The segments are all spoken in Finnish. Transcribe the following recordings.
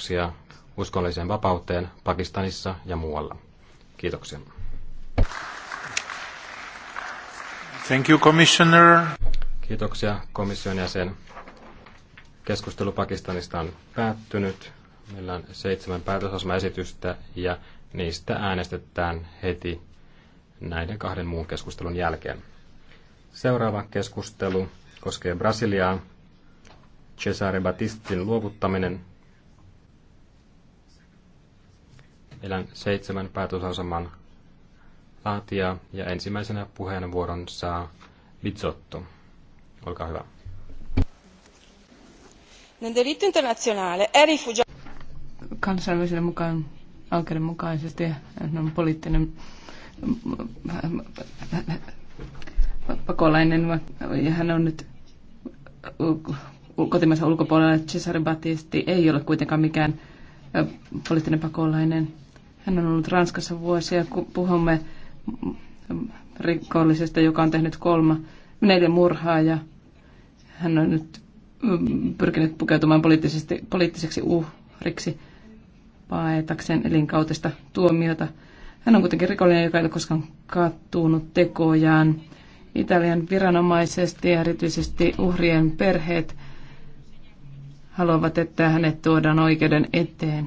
oikeuksia uskonnolliseen vapauteen Pakistanissa ja muualla. Kiitoksia. Thank you, Commissioner. Kiitoksia komission jäsen. Keskustelu Pakistanista on päättynyt. Meillä on seitsemän päätösasmaesitystä ja niistä äänestetään heti näiden kahden muun keskustelun jälkeen. Seuraava keskustelu koskee Brasiliaa. Cesare Battistin luovuttaminen elän seitsemän päätösaseman laatia ja ensimmäisenä puheenvuoron saa Bizzotto. Olkaa hyvä. Nel diritto internazionale è rifugiato. Kansainvälisen mukaan oikeudenmukaisesti on poliittinen pakolainen ja hän on nyt kotimaisen ulkopuolella. Cesare Battisti ei ole kuitenkaan mikään poliittinen pakolainen. Hän on ollut Ranskassa vuosia, kun puhumme rikollisesta, joka on tehnyt kolme, neljä murhaa ja hän on nyt mm, pyrkinyt pukeutumaan poliittisesti, poliittiseksi uhriksi paetakseen elinkautista tuomiota. Hän on kuitenkin rikollinen, joka ei ole koskaan kattuunut tekojaan. Italian viranomaisesti ja erityisesti uhrien perheet haluavat, että hänet tuodaan oikeuden eteen.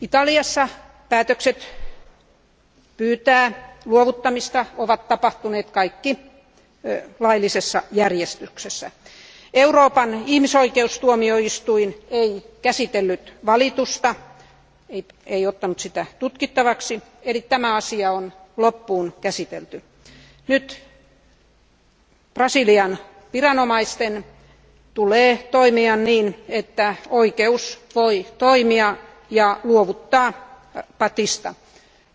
italiassa päätökset pyytää luovuttamista ovat tapahtuneet kaikki laillisessa järjestyksessä. euroopan ihmisoikeustuomioistuin ei käsitellyt valitusta ei ottanut sitä tutkittavaksi eli tämä asia on loppuun käsitelty. nyt brasilian viranomaisten tulee toimia niin että oikeus voi toimia ja luovuttaa patista.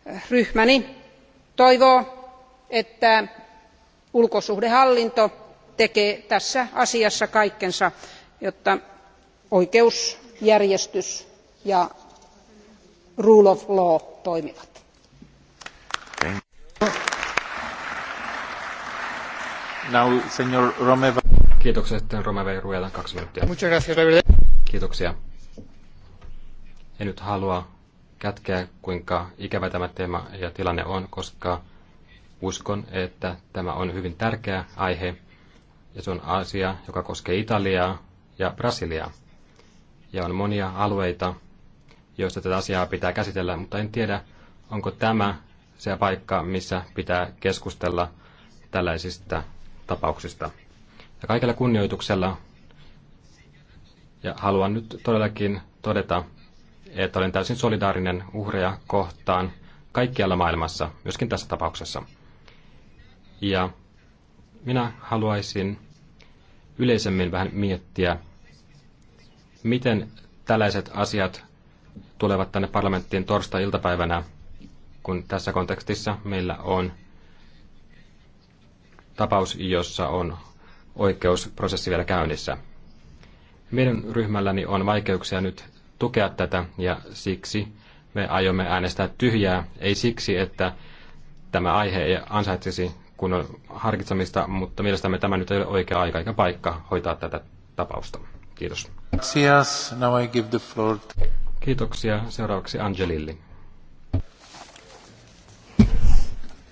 Äh, ryhmäni toivoo että ulkosuhdehallinto tekee tässä asiassa kaikkensa jotta oikeusjärjestys ja rule of law toimivat. Kiitoksia kaksi minuuttia. Kiitoksia. En nyt halua kätkeä, kuinka ikävä tämä teema ja tilanne on, koska uskon, että tämä on hyvin tärkeä aihe ja se on asia, joka koskee Italiaa ja Brasiliaa. Ja on monia alueita, joista tätä asiaa pitää käsitellä, mutta en tiedä, onko tämä se paikka, missä pitää keskustella tällaisista tapauksista. Ja kaikella kunnioituksella, ja haluan nyt todellakin todeta, että olen täysin solidaarinen uhreja kohtaan kaikkialla maailmassa, myöskin tässä tapauksessa. Ja minä haluaisin yleisemmin vähän miettiä, miten tällaiset asiat tulevat tänne parlamenttiin torstai-iltapäivänä, kun tässä kontekstissa meillä on tapaus, jossa on oikeusprosessi vielä käynnissä. Meidän ryhmälläni on vaikeuksia nyt tukea tätä ja siksi me aiomme äänestää tyhjää, ei siksi, että tämä aihe ei ansaitsisi kunnon harkitsemista, mutta mielestämme tämä nyt ei ole oikea aika eikä paikka hoitaa tätä tapausta. Kiitos. Kiitoksia. Seuraavaksi Angelilli.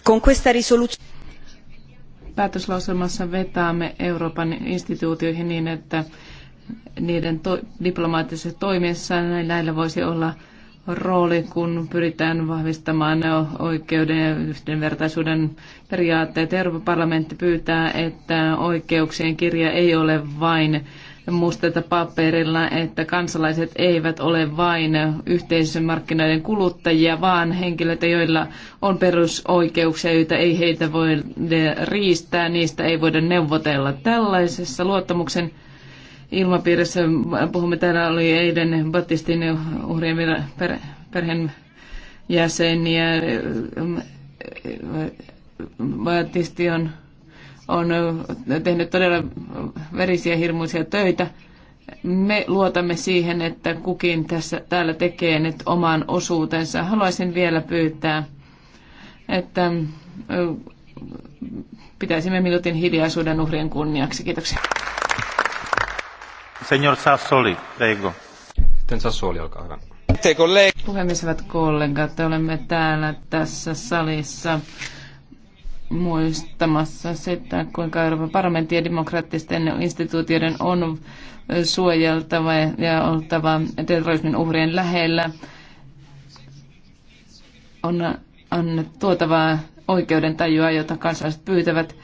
Con questa risoluzione päätöslauselmassa vetäämme Euroopan instituutioihin niin, että niiden to- diplomaattisessa toimissa näillä voisi olla rooli, kun pyritään vahvistamaan oikeuden ja yhdenvertaisuuden periaatteet. Euroopan parlamentti pyytää, että oikeuksien kirja ei ole vain musteta paperilla, että kansalaiset eivät ole vain yhteisön markkinoiden kuluttajia, vaan henkilöitä, joilla on perusoikeuksia, joita ei heitä voi riistää, niistä ei voida neuvotella. Tällaisessa luottamuksen ilmapiirissä. Puhumme täällä oli eilen Battistin uhrien per, perheen jäseniä. Battisti on, on tehnyt todella verisiä hirmuisia töitä. Me luotamme siihen, että kukin tässä, täällä tekee nyt oman osuutensa. Haluaisin vielä pyytää, että pitäisimme minuutin hiljaisuuden uhrien kunniaksi. Kiitoksia. Puhemies, hyvät kollegat, olemme täällä tässä salissa muistamassa sitä, kuinka Euroopan parlamentin ja demokraattisten instituutioiden on suojeltava ja oltava terrorismin uhrien lähellä. On, on tuotava oikeuden tajua, jota kansalaiset pyytävät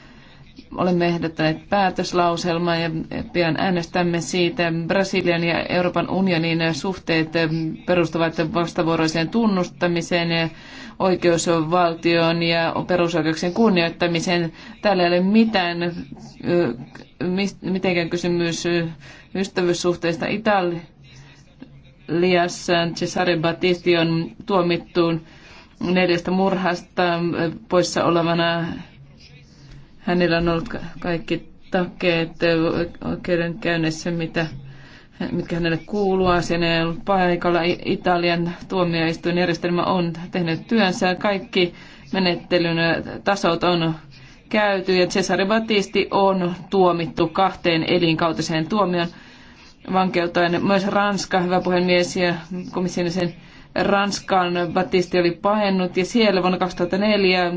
olemme ehdottaneet päätöslauselmaa ja pian äänestämme siitä. Brasilian ja Euroopan unionin suhteet perustuvat vastavuoroiseen tunnustamiseen, oikeusvaltioon ja perusoikeuksien kunnioittamiseen. Täällä ei ole mitään, mitenkään kysymys ystävyyssuhteista Italiassa. Cesare Battisti on tuomittu neljästä murhasta poissa olevana Hänellä on ollut kaikki takeet oikeudenkäynnissä, mitä, mitkä hänelle kuuluu. Sen ei ollut paikalla. Italian järjestelmä on tehnyt työnsä. Kaikki menettelyn tasot on käyty ja Cesare Battisti on tuomittu kahteen elinkautiseen tuomioon vankeuteen. Myös Ranska, hyvä puhemies ja komission sen Ranskan Battisti oli paennut ja siellä vuonna 2004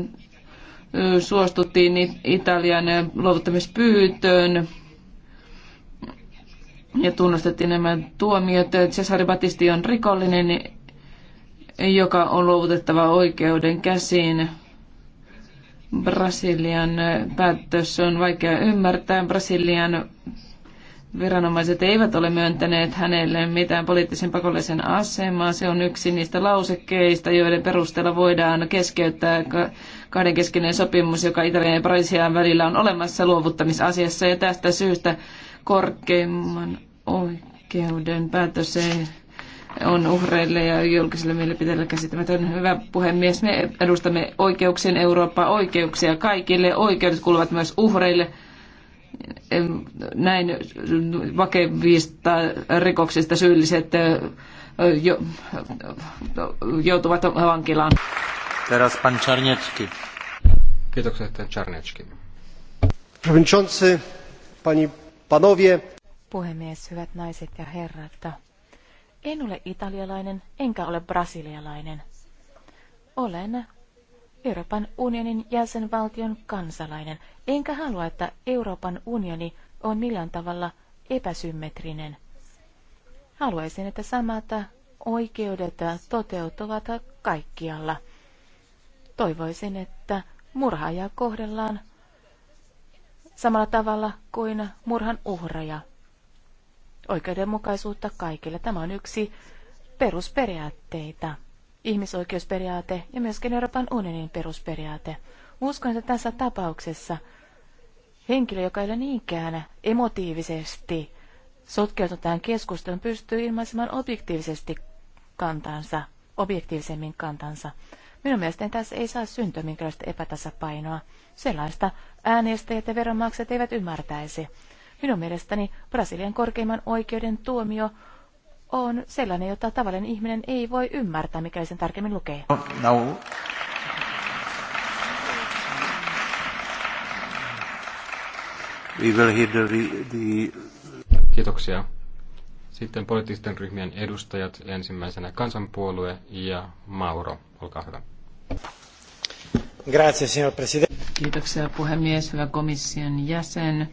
suostuttiin Italian luovuttamispyytöön ja tunnustettiin nämä tuomiot. Cesare Battisti on rikollinen, joka on luovutettava oikeuden käsiin. Brasilian päätös on vaikea ymmärtää. Brasilian viranomaiset eivät ole myöntäneet hänelle mitään poliittisen pakollisen asemaa. Se on yksi niistä lausekkeista, joiden perusteella voidaan keskeyttää kahdenkeskinen sopimus, joka Italian ja Brasilian välillä on olemassa luovuttamisasiassa. Ja tästä syystä korkeimman oikeuden päätös ei on uhreille ja julkiselle mielipiteelle käsittämätön. Hyvä puhemies, me edustamme oikeuksien Eurooppaa, oikeuksia kaikille. Oikeudet kuuluvat myös uhreille. Näin vakevista rikoksista syylliset joutuvat vankilaan. Teraz pan Czarniecki. Czarniecki. Przewodniczący, pani, panowie. Puhemies, hyvät naiset ja herrat. En ole italialainen, enkä ole brasilialainen. Olen Euroopan unionin jäsenvaltion kansalainen, enkä halua, että Euroopan unioni on millään tavalla epäsymmetrinen. Haluaisin, että samat oikeudet toteutuvat kaikkialla – Toivoisin, että murhaajaa kohdellaan samalla tavalla kuin murhan uhraja. Oikeudenmukaisuutta kaikille. Tämä on yksi perusperiaatteita. Ihmisoikeusperiaate ja myöskin Euroopan unionin perusperiaate. Uskon, että tässä tapauksessa henkilö, joka ei ole niinkään emotiivisesti sotkeutunut tähän keskusteluun, pystyy ilmaisemaan objektiivisesti kantansa, objektiivisemmin kantansa. Minun mielestäni tässä ei saa syntyä minkälaista epätasapainoa. Sellaista äänestäjät ja veronmaksajat eivät ymmärtäisi. Minun mielestäni Brasilian korkeimman oikeuden tuomio on sellainen, jota tavallinen ihminen ei voi ymmärtää, mikä sen tarkemmin lukee. No, no. We will hear the, the... Kiitoksia. Sitten poliittisten ryhmien edustajat, ensimmäisenä kansanpuolue ja Mauro, olkaa hyvä. Kiitoksia puhemies, hyvä komission jäsen,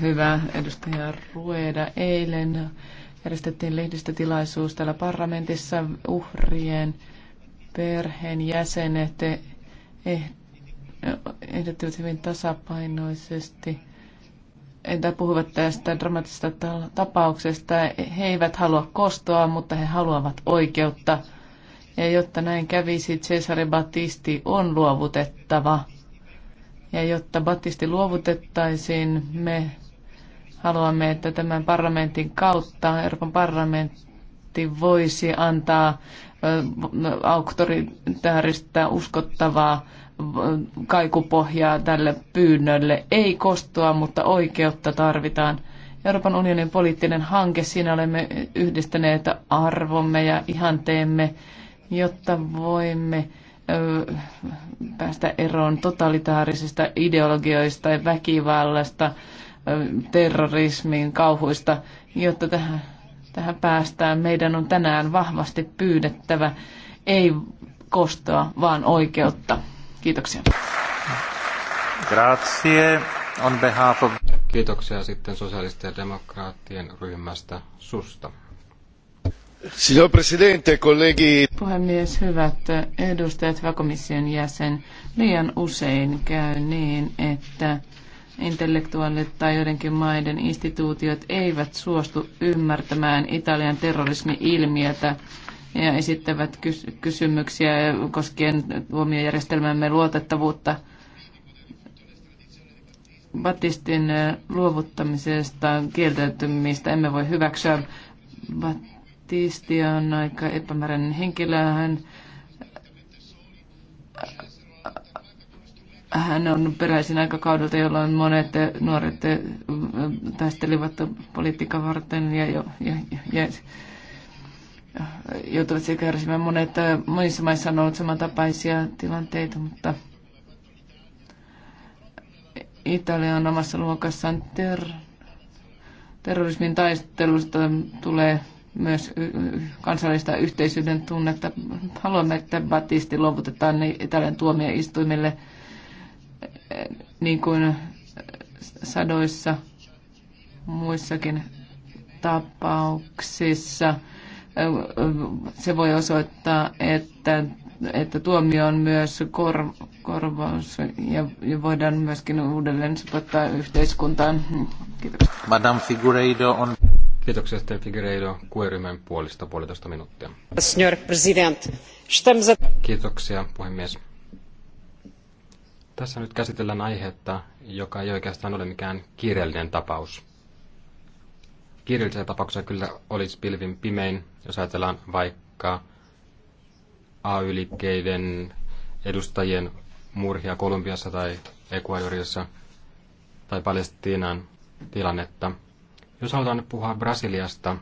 hyvä edustaja Rueda. Eilen järjestettiin lehdistötilaisuus täällä parlamentissa uhrien perheen jäsenet e- eh, ehdottivat hyvin tasapainoisesti entä puhuvat tästä dramaattisesta tapauksesta. He eivät halua kostoa, mutta he haluavat oikeutta. Ja jotta näin kävisi, Cesare Battisti on luovutettava. Ja jotta Battisti luovutettaisiin, me haluamme, että tämän parlamentin kautta Euroopan parlamentti voisi antaa auktoritaarista uskottavaa kaikupohjaa tälle pyynnölle. Ei kostoa, mutta oikeutta tarvitaan. Euroopan unionin poliittinen hanke, siinä olemme yhdistäneet arvomme ja ihanteemme jotta voimme päästä eroon totalitaarisista ideologioista ja väkivallasta, terrorismin kauhuista, jotta tähän, tähän päästään. Meidän on tänään vahvasti pyydettävä, ei kostoa, vaan oikeutta. Kiitoksia. Grazie. On behalf of... Kiitoksia sitten sosiaalisten ja demokraattien ryhmästä SUSTA puhemies hyvät edustajat hyvä komission jäsen liian usein käy niin että intellektuaalit tai joidenkin maiden instituutiot eivät suostu ymmärtämään Italian terrorismi-ilmiötä ja esittävät kysymyksiä koskien tuomiojärjestelmämme luotettavuutta. Batistin luovuttamisesta kieltäytymistä emme voi hyväksyä. Bat- Tiisti on aika epämääräinen henkilö. Hän, hän on peräisin aikakaudelta, jolloin monet nuoret taistelivat politiikan varten ja, jo, ja, ja, ja joutuvat siellä kärsimään. Monet, monissa maissa on ollut samantapaisia tilanteita, mutta Italia on omassa luokassaan ter- terrorismin taistelusta tulee myös kansallista yhteisyyden tunnetta. Haluamme, että Batisti luovutetaan Italian tuomioistuimille eh, niin kuin sadoissa muissakin tapauksissa. Eh, se voi osoittaa, että, että tuomio on myös kor, korvaus ja, ja voidaan myöskin uudelleen sopottaa yhteiskuntaan. Kiitos. Madame Figureido on... Kiitoksia sitten Figueiredo qe puolista puolitoista minuuttia. Kiitoksia puhemies. Tässä nyt käsitellään aihetta, joka ei oikeastaan ole mikään kiireellinen tapaus. Kiireellisiä tapauksia kyllä olisi pilvin pimein, jos ajatellaan vaikka AY-liikkeiden edustajien murhia Kolumbiassa tai Ecuadorissa tai Palestiinan tilannetta – jos halutaan puhua Brasiliasta,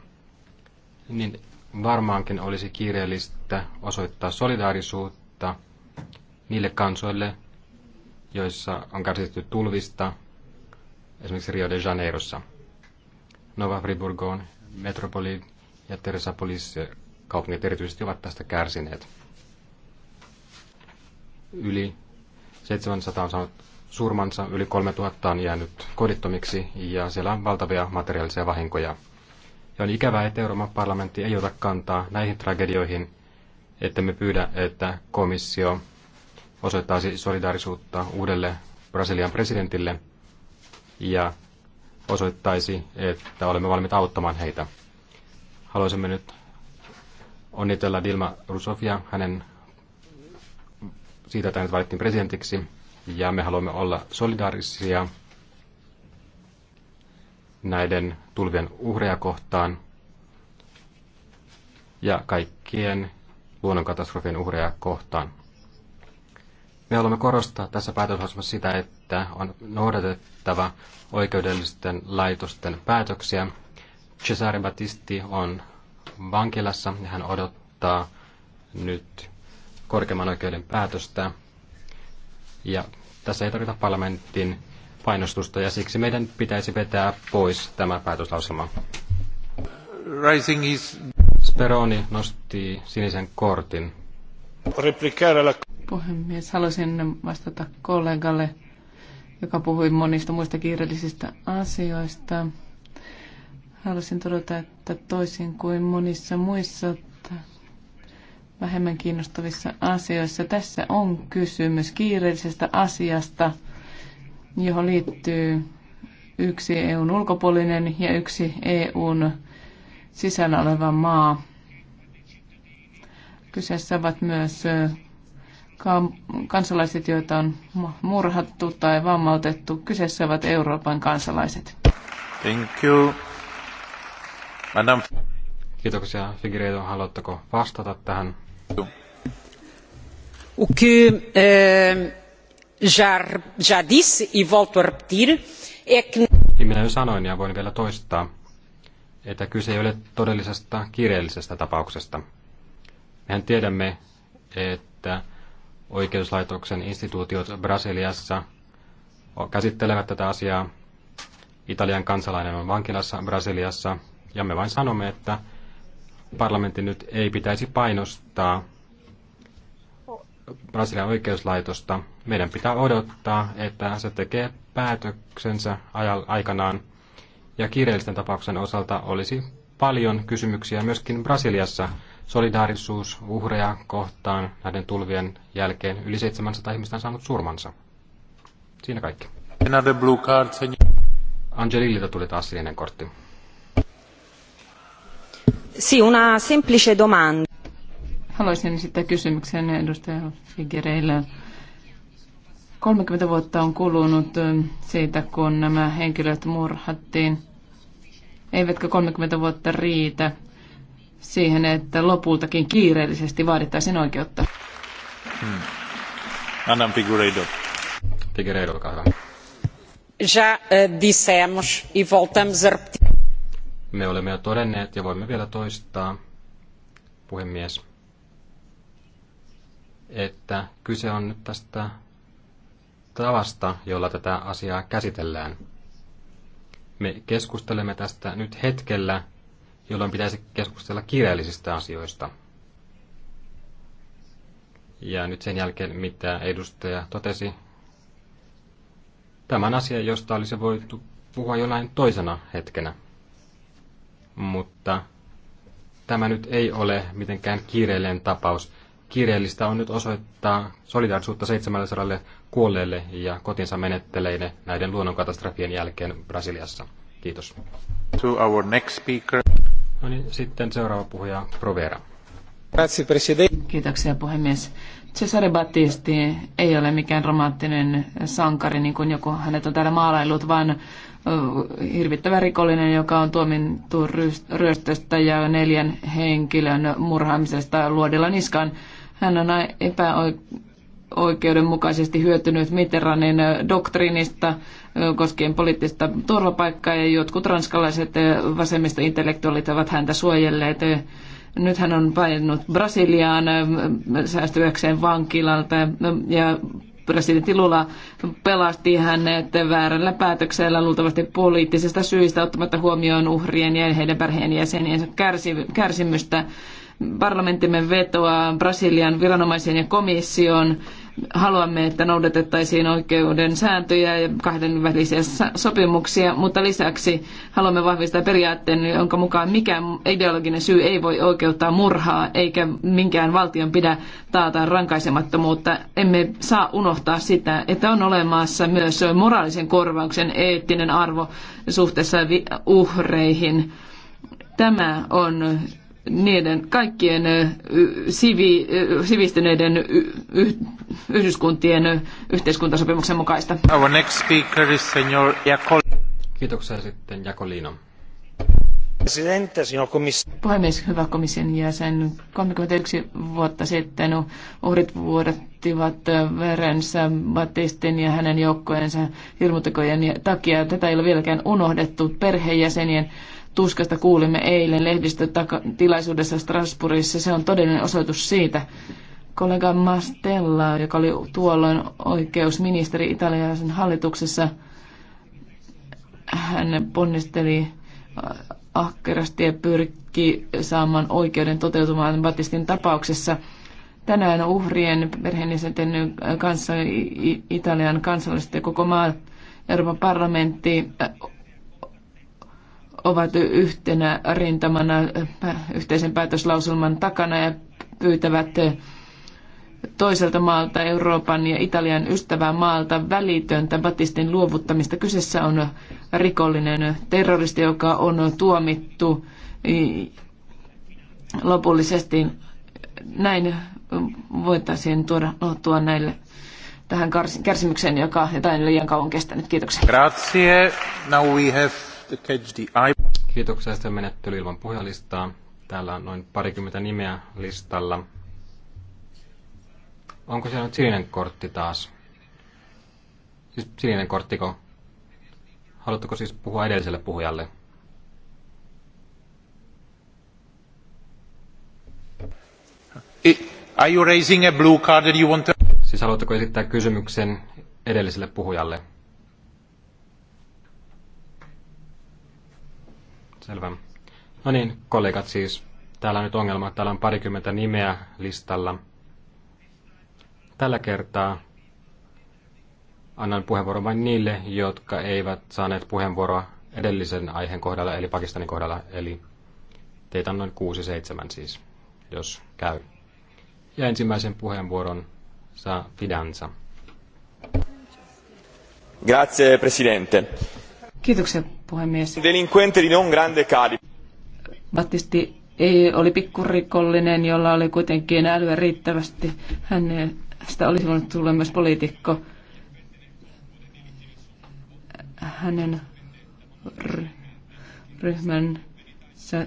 niin varmaankin olisi kiireellistä osoittaa solidaarisuutta niille kansoille, joissa on kärsitty tulvista, esimerkiksi Rio de Janeirossa. Nova Friburgoon, Metropoli ja Teresapolis kaupungit erityisesti ovat tästä kärsineet. Yli 700 on saanut surmansa. Yli 3000 on jäänyt kodittomiksi ja siellä on valtavia materiaalisia vahinkoja. Ja on ikävää, että Euroopan parlamentti ei ota kantaa näihin tragedioihin, että me pyydä, että komissio osoittaisi solidaarisuutta uudelle Brasilian presidentille ja osoittaisi, että olemme valmiit auttamaan heitä. Haluaisimme nyt onnitella Dilma Rousseffia hänen siitä, että hänet valittiin presidentiksi ja me haluamme olla solidaarisia näiden tulvien uhreja kohtaan ja kaikkien luonnonkatastrofien uhreja kohtaan. Me haluamme korostaa tässä päätöslausumassa sitä, että on noudatettava oikeudellisten laitosten päätöksiä. Cesare Battisti on vankilassa ja hän odottaa nyt korkeimman oikeuden päätöstä ja tässä ei tarvita parlamentin painostusta ja siksi meidän pitäisi vetää pois tämä päätöslauselma. Rising is... Speroni nosti sinisen kortin. Puhemies, haluaisin vastata kollegalle, joka puhui monista muista kiireellisistä asioista. Haluaisin todeta, että toisin kuin monissa muissa vähemmän kiinnostavissa asioissa. Tässä on kysymys kiireellisestä asiasta, johon liittyy yksi EUn ulkopuolinen ja yksi EUn sisällä oleva maa. Kyseessä ovat myös kansalaiset, joita on murhattu tai vammautettu. Kyseessä ovat Euroopan kansalaiset. Thank you. Madame. Kiitoksia. Figueiredo, haluatteko vastata tähän? O que eh, já, já disse e volto a repetir é que... Niin minä jo sanoin ja voin vielä toistaa, että kyse ei ole todellisesta kiireellisestä tapauksesta. Mehän tiedämme, että oikeuslaitoksen instituutiot Brasiliassa käsittelevät tätä asiaa. Italian kansalainen on vankilassa Brasiliassa, ja me vain sanomme, että parlamentin nyt ei pitäisi painostaa Brasilian oikeuslaitosta. Meidän pitää odottaa, että se tekee päätöksensä aikanaan. Ja kiireellisten tapauksen osalta olisi paljon kysymyksiä myöskin Brasiliassa solidaarisuus uhreja kohtaan näiden tulvien jälkeen. Yli 700 ihmistä on saanut surmansa. Siinä kaikki. Angelilta tuli taas sininen kortti. Sì, una semplice domanda. Haluaisin esittää kysymyksen edustaja Figereillä. 30 vuotta on kulunut siitä, kun nämä henkilöt murhattiin. Eivätkö 30 vuotta riitä siihen, että lopultakin kiireellisesti vaadittaisiin oikeutta? Hmm. Annan Figueiredo. Figueiredo, olkaa hyvä. Já eh, dissemos e voltamos a repetir me olemme jo todenneet ja voimme vielä toistaa, puhemies, että kyse on nyt tästä tavasta, jolla tätä asiaa käsitellään. Me keskustelemme tästä nyt hetkellä, jolloin pitäisi keskustella kirjallisista asioista. Ja nyt sen jälkeen, mitä edustaja totesi, tämän asian, josta olisi voitu puhua jonain toisena hetkenä mutta tämä nyt ei ole mitenkään kiireellinen tapaus. Kiireellistä on nyt osoittaa solidaarisuutta 700 kuolleille ja kotinsa menetteleille näiden luonnonkatastrofien jälkeen Brasiliassa. Kiitos. To our next speaker. No niin, sitten seuraava puhuja Provera. Kiitoksia puhemies. Cesare Battisti ei ole mikään romanttinen sankari, niin kuin joku hänet on täällä maalailut, vaan hirvittävä rikollinen, joka on tuomittu ryöstöstä ja neljän henkilön murhaamisesta luodilla niskaan. Hän on epäoikeudenmukaisesti hyötynyt Mitterrandin doktriinista koskien poliittista turvapaikkaa ja jotkut ranskalaiset vasemmista intellektuaalit ovat häntä suojelleet. Nyt hän on painut Brasiliaan säästyäkseen vankilalta ja presidentti Lula pelasti hänet väärällä päätöksellä luultavasti poliittisista syistä ottamatta huomioon uhrien ja heidän perheenjäseniensä kärsimystä. Parlamenttimme vetoaa Brasilian viranomaisiin ja komissioon haluamme, että noudatettaisiin oikeuden sääntöjä ja kahdenvälisiä sopimuksia, mutta lisäksi haluamme vahvistaa periaatteen, jonka mukaan mikään ideologinen syy ei voi oikeuttaa murhaa, eikä minkään valtion pidä taata rankaisemattomuutta. Emme saa unohtaa sitä, että on olemassa myös moraalisen korvauksen eettinen arvo suhteessa uhreihin. Tämä on niiden kaikkien sivi, sivistyneiden yhdyskuntien yhteiskuntasopimuksen mukaista. Our next speaker is Senor Jakol- Kiitoksia sitten Jakolino. Puhemies, hyvä komission jäsen. 31 vuotta sitten uhrit vuodattivat verensä Batistin ja hänen joukkojensa hirmutekojen takia. Tätä ei ole vieläkään unohdettu. Perheenjäsenien tuskasta kuulimme eilen lehdistötilaisuudessa Strasbourgissa. Se on todellinen osoitus siitä. Kollega Mastella, joka oli tuolloin oikeusministeri italialaisen hallituksessa, hän ponnisteli äh, ahkerasti ja pyrki saamaan oikeuden toteutumaan Batistin tapauksessa. Tänään uhrien perheenjäsenten kanssa Italian kansalaiset ja koko maan Euroopan parlamentti äh, ovat yhtenä rintamana yhteisen päätöslauselman takana ja pyytävät toiselta maalta, Euroopan ja Italian ystävää maalta, välitöntä Batistin luovuttamista. Kyseessä on rikollinen terroristi, joka on tuomittu lopullisesti. Näin voitaisiin tuoda lohtua näille tähän kärsimykseen, joka jotain liian kauan kestänyt. Kiitoksia. Grazie. Now we have Kiitoksia sitten menettely ilman puhujalistaa. Täällä on noin parikymmentä nimeä listalla. Onko siellä nyt sininen kortti taas? Siis sininen korttiko? Haluatteko siis puhua edelliselle puhujalle? Are you raising a blue card that you want to... Siis haluatteko esittää kysymyksen edelliselle puhujalle? Selvä. No niin, kollegat siis. Täällä on nyt ongelma. Täällä on parikymmentä nimeä listalla. Tällä kertaa annan puheenvuoron vain niille, jotka eivät saaneet puheenvuoroa edellisen aiheen kohdalla, eli Pakistanin kohdalla. Eli teitä on noin 6-7 siis, jos käy. Ja ensimmäisen puheenvuoron saa Fidanza. Grazie, Presidente. Kiitoksia puhemies. Delinquente di non grande cali. Battisti ei, oli pikkurikollinen, jolla oli kuitenkin älyä riittävästi. Hänestä olisi voinut tulla myös poliitikko. Hänen ryhmänsä,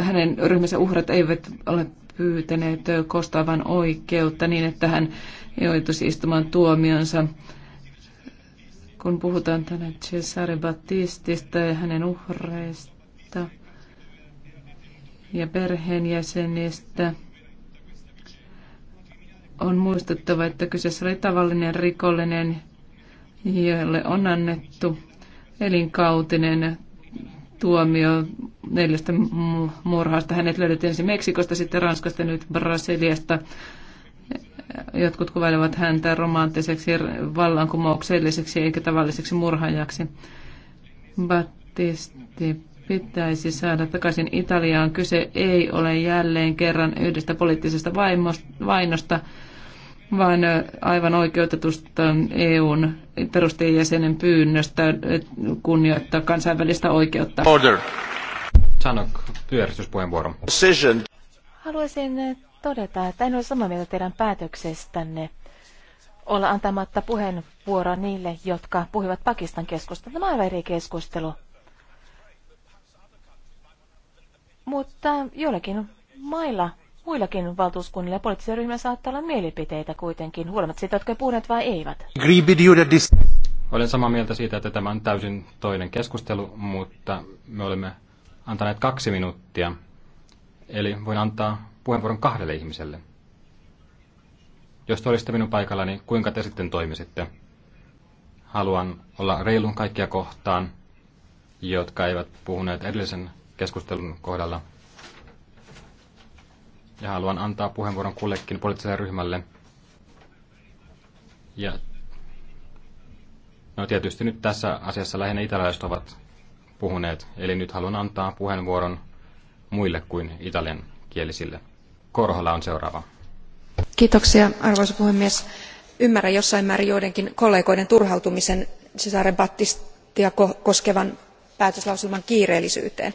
hänen ryhmänsä uhrat eivät ole pyytäneet kostavan oikeutta niin, että hän joutuisi istumaan tuomionsa kun puhutaan tänä Cesare Battistista ja hänen uhreista ja perheenjäsenistä, on muistettava, että kyseessä oli tavallinen rikollinen, jolle on annettu elinkautinen tuomio neljästä murhasta. Hänet löydettiin ensin Meksikosta, sitten Ranskasta, nyt Brasiliasta. Jotkut kuvailevat häntä romanttiseksi, vallankumoukselliseksi eikä tavalliseksi murhaajaksi. Battisti pitäisi saada takaisin Italiaan. Kyse ei ole jälleen kerran yhdestä poliittisesta vainosta, vaan aivan oikeutetusta EUn perustajajäsenen pyynnöstä kunnioittaa kansainvälistä oikeutta. Order. Sanok, pyöristyspuheenvuoro. Haluaisin todeta, että en ole samaa mieltä teidän päätöksestänne olla antamatta puheenvuoroa niille, jotka puhuivat Pakistan keskustelua. Tämä on aivan eri keskustelu. Mutta joillakin mailla, muillakin valtuuskunnilla ja poliittisilla ryhmillä saattaa olla mielipiteitä kuitenkin, huolimatta siitä, jotka puhuneet vai eivät. Olen samaa mieltä siitä, että tämä on täysin toinen keskustelu, mutta me olemme antaneet kaksi minuuttia. Eli voin antaa puheenvuoron kahdelle ihmiselle. Jos te olisitte minun paikallani, niin kuinka te sitten toimisitte? Haluan olla reilun kaikkia kohtaan, jotka eivät puhuneet edellisen keskustelun kohdalla. Ja haluan antaa puheenvuoron kullekin poliittiselle ryhmälle. Ja no tietysti nyt tässä asiassa lähinnä italialaiset ovat puhuneet, eli nyt haluan antaa puheenvuoron muille kuin italian kielisille. Korhola on seuraava. Kiitoksia, arvoisa puhemies. Ymmärrän jossain määrin joidenkin kollegoiden turhautumisen Cesare Battistia koskevan päätöslauselman kiireellisyyteen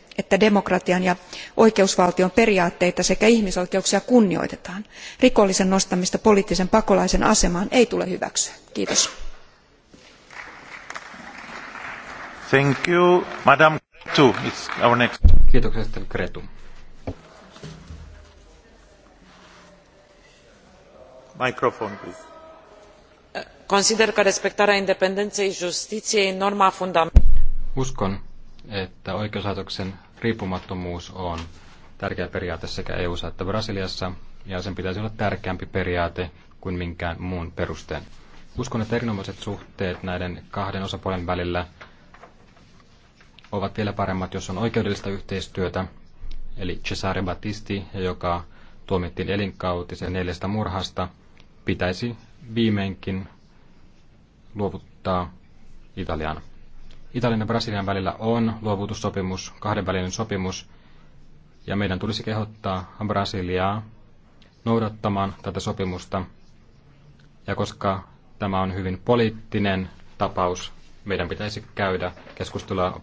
että demokratian ja oikeusvaltion periaatteita sekä ihmisoikeuksia kunnioitetaan. rikollisen nostamista poliittisen pakolaisen asemaan ei tule hyväksyä. Kiitos. Thank you, Madam Kretu. It's our next. Kiitoksia, Kretu. Microphone, please. Consider că respectarea independenței justiției e norma fundamentală. Uskon, että oikeuslaitoksen riippumattomuus on tärkeä periaate sekä eu että Brasiliassa, ja sen pitäisi olla tärkeämpi periaate kuin minkään muun perusteen. Uskon, että erinomaiset suhteet näiden kahden osapuolen välillä ovat vielä paremmat, jos on oikeudellista yhteistyötä, eli Cesare Battisti, joka tuomittiin elinkautisen neljästä murhasta, pitäisi viimeinkin luovuttaa Italiana. Italian ja Brasilian välillä on luovutussopimus, kahdenvälinen sopimus, ja meidän tulisi kehottaa Brasiliaa noudattamaan tätä sopimusta. Ja koska tämä on hyvin poliittinen tapaus, meidän pitäisi käydä keskustelua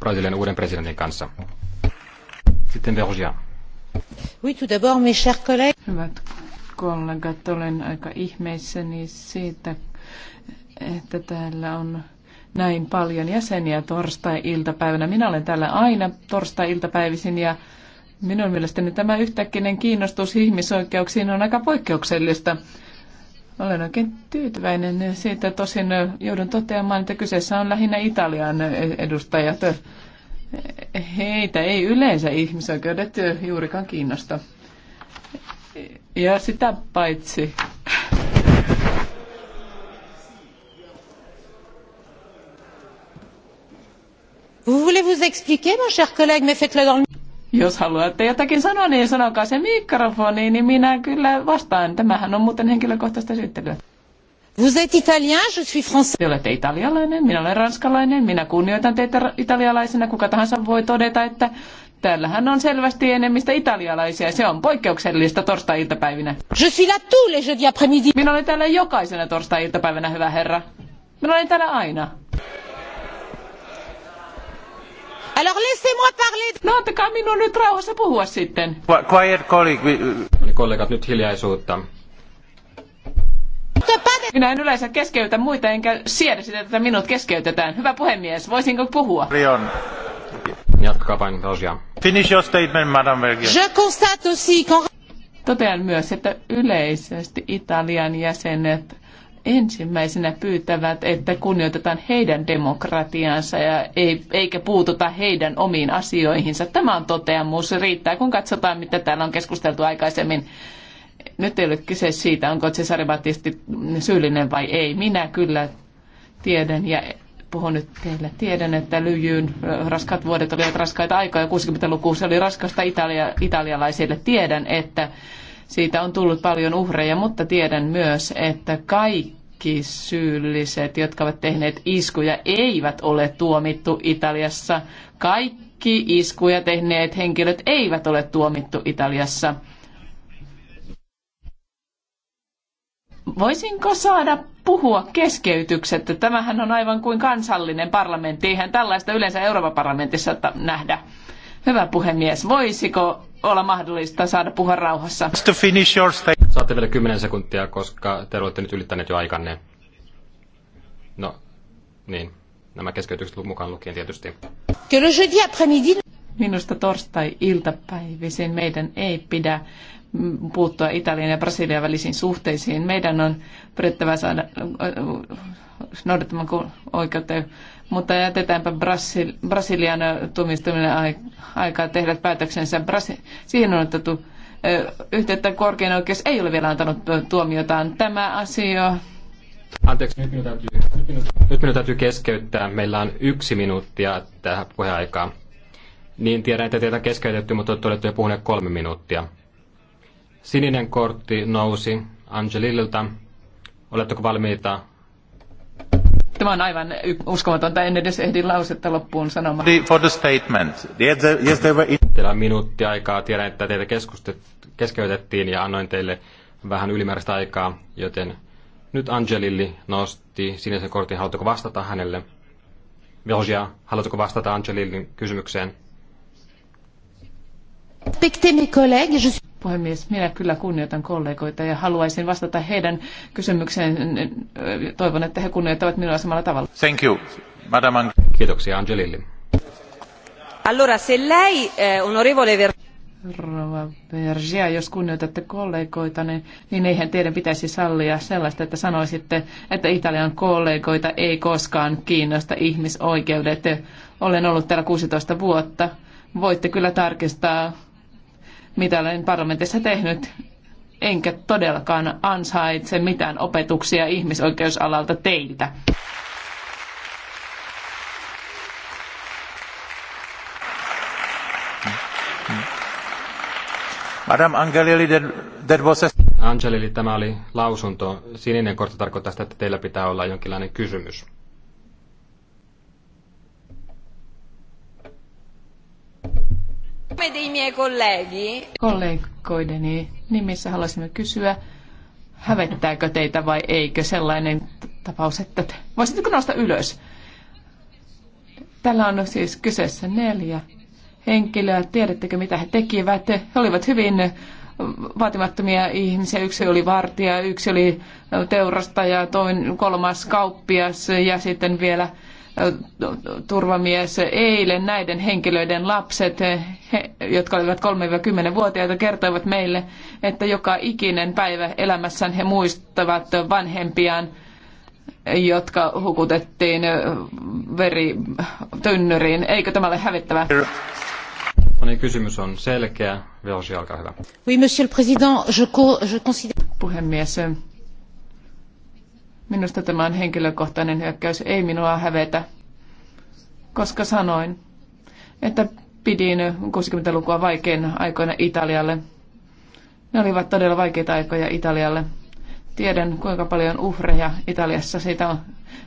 Brasilian uuden presidentin kanssa. Sitten Vergia. Oui, tout d'abord, mes chers collègues. Hyvät kollegat, olen aika ihmeissäni siitä, että täällä on näin paljon jäseniä torstai-iltapäivänä. Minä olen täällä aina torstai-iltapäivisin ja minun mielestäni tämä yhtäkkinen kiinnostus ihmisoikeuksiin on aika poikkeuksellista. Olen oikein tyytyväinen siitä. Tosin joudun toteamaan, että kyseessä on lähinnä Italian edustajat. Heitä ei yleensä ihmisoikeudet juurikaan kiinnosta. Ja sitä paitsi Vous voulez vous expliquer, mon cher collègue, mais faites-le dans le... Jos haluatte jotakin sanoa, niin sanokaa se mikrofoni, niin minä kyllä vastaan. Tämähän on muuten henkilökohtaista syyttelyä. Vous êtes italien, je suis français. Te olette italialainen, minä olen ranskalainen, minä kunnioitan teitä italialaisena. Kuka tahansa voi todeta, että täällähän on selvästi enemmistä italialaisia. Se on poikkeuksellista torstai-iltapäivinä. Je suis là tous les jeudis après-midi. Minä olen täällä jokaisena torstai-iltapäivänä, hyvä herra. Minä olen täällä aina. Alors laissez-moi parler. No antakaa minun nyt rauhassa puhua sitten. Quiet colleague. Eli kollegat nyt hiljaisuutta. Minä en yleensä keskeytä muita, enkä siedä sitä, että minut keskeytetään. Hyvä puhemies, voisinko puhua? Rion. Jatkakaa vain tosiaan. Finish your statement, madam Vergier. Je constate aussi Totean myös, että yleisesti Italian jäsenet ensimmäisenä pyytävät, että kunnioitetaan heidän demokratiaansa ja ei, eikä puututa heidän omiin asioihinsa. Tämä on toteamus. Riittää, kun katsotaan, mitä täällä on keskusteltu aikaisemmin. Nyt ei ole kyse siitä, onko Cesare Battisti syyllinen vai ei. Minä kyllä tiedän ja puhun nyt teille. Tiedän, että lyijyn raskaat vuodet olivat raskaita aikoja. 60-luku se oli raskasta italia, italialaisille. Tiedän, että siitä on tullut paljon uhreja, mutta tiedän myös, että kaikki syylliset, jotka ovat tehneet iskuja, eivät ole tuomittu Italiassa. Kaikki iskuja tehneet henkilöt eivät ole tuomittu Italiassa. Voisinko saada puhua keskeytyksettä? Tämähän on aivan kuin kansallinen parlamentti. Eihän tällaista yleensä Euroopan parlamentissa nähdä. Hyvä puhemies, voisiko olla mahdollista saada puhua rauhassa? To finish your Saatte vielä 10 sekuntia, koska te olette nyt ylittäneet jo aikanne. No, niin. Nämä keskeytykset mukaan lukien tietysti. Minusta torstai-iltapäivisin meidän ei pidä puuttua Italian ja Brasilian välisiin suhteisiin. Meidän on pyrittävä saada noudattamaan oikeutta mutta jätetäänpä Brasil- Brasilian tuomioistuimille aikaa tehdä päätöksensä. Brasi- siihen on otettu yhteyttä korkein oikeus ei ole vielä antanut tuomiotaan. Tämä asia... Anteeksi, nyt minun, täytyy, nyt, minun, nyt minun täytyy keskeyttää. Meillä on yksi minuuttia tähän puheaikaan. Niin tiedän, että teitä on keskeytetty, mutta olette olleet jo puhuneet kolme minuuttia. Sininen kortti nousi Angelililta. Oletteko valmiita Tämä on aivan uskomatonta, en edes ehdi lausetta loppuun sanomaan. For the statement. Yes, there were... Teillä on minuutti aikaa. Tiedän, että teitä keskeytettiin ja annoin teille vähän ylimääräistä aikaa, joten nyt Angelilli nosti sinisen kortin. Haluatko vastata hänelle? Virgia, haluatko vastata Angelillin kysymykseen? Respectez mes Puhemies, minä kyllä kunnioitan kollegoita ja haluaisin vastata heidän kysymykseen. Toivon, että he kunnioittavat minua samalla tavalla. Thank you. Madam Kiitoksia Angelille. Allora, se lei, eh, onorevole Ver- Rova Bergia, jos kunnioitatte kollegoita, niin, niin eihän teidän pitäisi sallia sellaista, että sanoisitte, että Italian kollegoita ei koskaan kiinnosta ihmisoikeudet. Olen ollut täällä 16 vuotta. Voitte kyllä tarkistaa mitä olen parlamentissa tehnyt, enkä todellakaan ansaitse mitään opetuksia ihmisoikeusalalta teiltä. Madame Angelili, that was a... Angelili, tämä oli lausunto. Sininen kortti tarkoittaa sitä, että teillä pitää olla jonkinlainen kysymys. nome dei miei colleghi. Kollegoideni nimissä haluaisimme kysyä, hävettääkö teitä vai eikö sellainen tapaus, että te, voisitteko nousta ylös? Tällä on siis kyseessä neljä henkilöä. Tiedättekö, mitä he tekivät? He olivat hyvin vaatimattomia ihmisiä. Yksi oli vartija, yksi oli teurastaja, toinen kolmas kauppias ja sitten vielä turvamies. Eilen näiden henkilöiden lapset, he, jotka olivat 3-10-vuotiaita, kertoivat meille, että joka ikinen päivä elämässään he muistavat vanhempiaan, jotka hukutettiin veritynnyriin. Eikö tämä ole hävittävää? No niin, kysymys on selkeä. Velsi, olkaa hyvä. Oui, monsieur le président, je, je Puhemies, Minusta tämä on henkilökohtainen hyökkäys. Ei minua hävetä, koska sanoin, että pidin 60-lukua vaikeina aikoina Italialle. Ne olivat todella vaikeita aikoja Italialle. Tiedän, kuinka paljon uhreja Italiassa siitä on,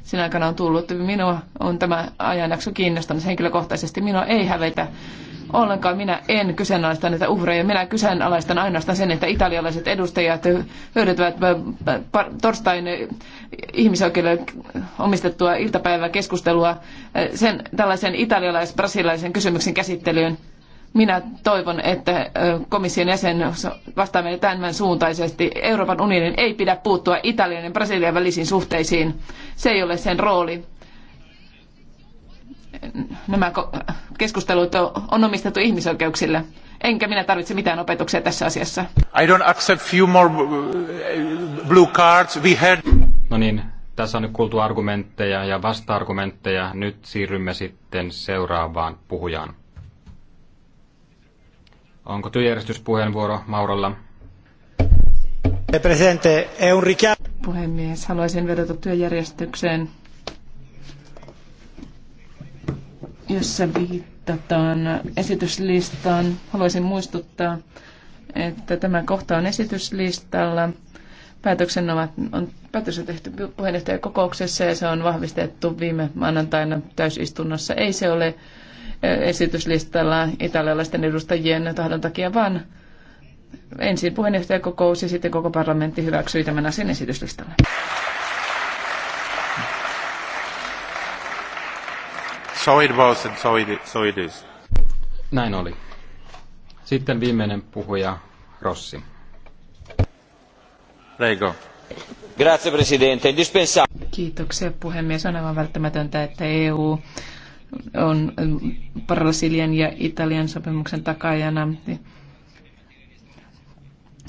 sinä aikana on tullut. Minua on tämä ajanjakso kiinnostanut henkilökohtaisesti. Minua ei hävetä ollenkaan. Minä en kyseenalaista näitä uhreja. Minä kyseenalaistan ainoastaan sen, että italialaiset edustajat hyödyntävät äh, torstain ihmisoikeudelle omistettua iltapäiväkeskustelua äh, sen tällaisen italialais-brasilaisen kysymyksen käsittelyyn. Minä toivon, että äh, komission jäsen vastaa meille tämän suuntaisesti. Euroopan unionin ei pidä puuttua Italian ja Brasilian välisiin suhteisiin. Se ei ole sen rooli nämä keskustelut on omistettu ihmisoikeuksille. Enkä minä tarvitse mitään opetuksia tässä asiassa. I don't accept few more uh, blue cards. We had... No niin, tässä on nyt kuultu argumentteja ja vasta-argumentteja. Nyt siirrymme sitten seuraavaan puhujaan. Onko työjärjestyspuheenvuoro Maurolla? Puhemies, haluaisin vedota työjärjestykseen jossa viitataan esityslistaan. Haluaisin muistuttaa, että tämä kohta on esityslistalla. Päätöksen ovat, on, päätös on tehty puheenjohtajakokouksessa ja se on vahvistettu viime maanantaina täysistunnossa. Ei se ole esityslistalla italialaisten edustajien tahdon takia, vaan ensin puheenjohtajakokous ja sitten koko parlamentti hyväksyi tämän asian esityslistalle. So it was and so it, so it is. Näin oli. Sitten viimeinen puhuja, Rossi. Prego. Grazie, Presidente. Indispensabile. Kiitoksia, puhemies. On aivan välttämätöntä, että EU on Brasilian ja Italian sopimuksen takajana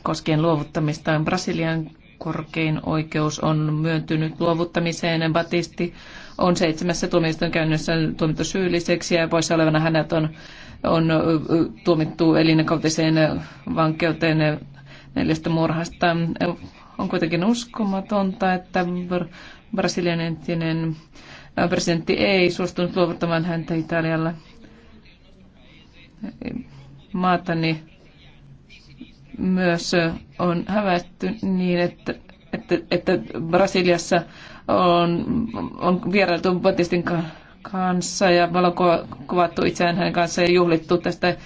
koskien luovuttamista. Brasilian korkein oikeus on myöntynyt luovuttamiseen Batisti on seitsemässä tuomioistuinkäynnissä tuomittu syylliseksi ja poissa olevana hänet on, on tuomittu elinkautiseen vankeuteen neljästä murhasta. On kuitenkin uskomatonta, että Brasilian entinen presidentti ei suostunut luovuttamaan häntä Italialle. Maatani myös on hävätty niin, että, että, että Brasiliassa on, on vierailtu Batistin kanssa ja valokuvattu itseään hänen kanssaan ja juhlittu tästä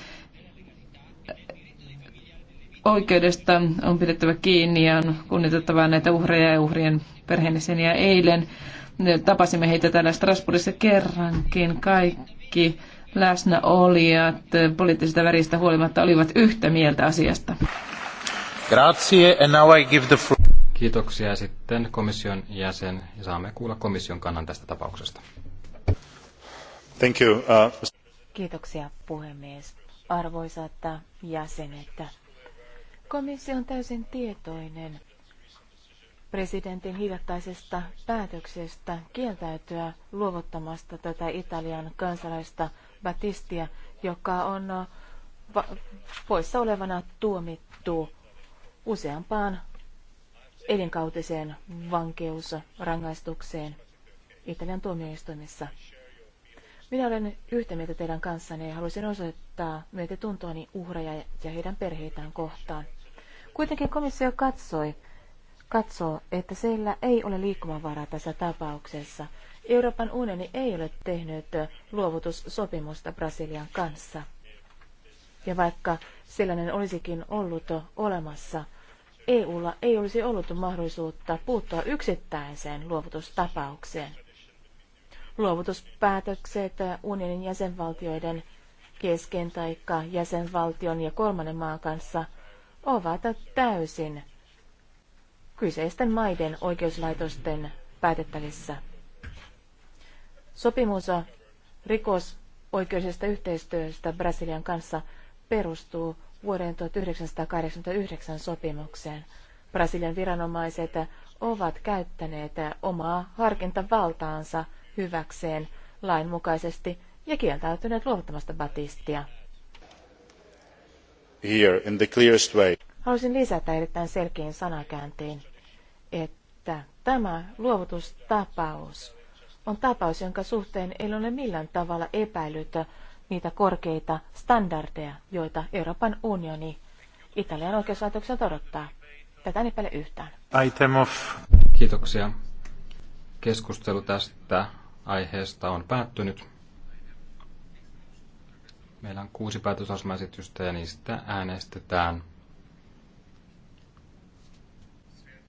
oikeudesta on pidettävä kiinni ja on kunnioitettava näitä uhreja ja uhrien perheeniseniä. Eilen tapasimme heitä täällä Strasbourgissa kerrankin. Kaikki läsnäolijat poliittisista väristä huolimatta olivat yhtä mieltä asiasta. Grazie, and now I give the floor. Kiitoksia sitten komission jäsen ja saamme kuulla komission kannan tästä tapauksesta. Thank you. Uh... Kiitoksia puhemies. Arvoisat jäsenet, komissio on täysin tietoinen presidentin hiljattaisesta päätöksestä kieltäytyä luovuttamasta tätä Italian kansalaista Batistia, joka on uh, poissa olevana tuomittu useampaan elinkautiseen vankeusrangaistukseen Italian tuomioistuimissa. Minä olen yhtä mieltä teidän kanssanne ja haluaisin osoittaa myötätuntoani uhreja ja heidän perheitään kohtaan. Kuitenkin komissio katsoi, katsoo, että sillä ei ole liikkumavaraa tässä tapauksessa. Euroopan unioni ei ole tehnyt luovutussopimusta Brasilian kanssa. Ja vaikka sellainen olisikin ollut olemassa, EUlla ei olisi ollut mahdollisuutta puuttua yksittäiseen luovutustapaukseen. Luovutuspäätökset unionin jäsenvaltioiden kesken tai jäsenvaltion ja kolmannen maan kanssa ovat täysin kyseisten maiden oikeuslaitosten päätettävissä. Sopimus rikosoikeudellisesta yhteistyöstä Brasilian kanssa perustuu vuoden 1989 sopimukseen. Brasilian viranomaiset ovat käyttäneet omaa harkintavaltaansa hyväkseen lainmukaisesti ja kieltäytyneet luovuttamasta Batistia. Here, in the clearest way. Haluaisin lisätä erittäin selkein sanakääntein, että tämä luovutustapaus on tapaus, jonka suhteen ei ole millään tavalla epäilytä niitä korkeita standardeja, joita Euroopan unioni Italian oikeuslaitokselta odottaa. Tätä ei paljon yhtään. Item of. Kiitoksia. Keskustelu tästä aiheesta on päättynyt. Meillä on kuusi päätösasmaesitystä ja niistä äänestetään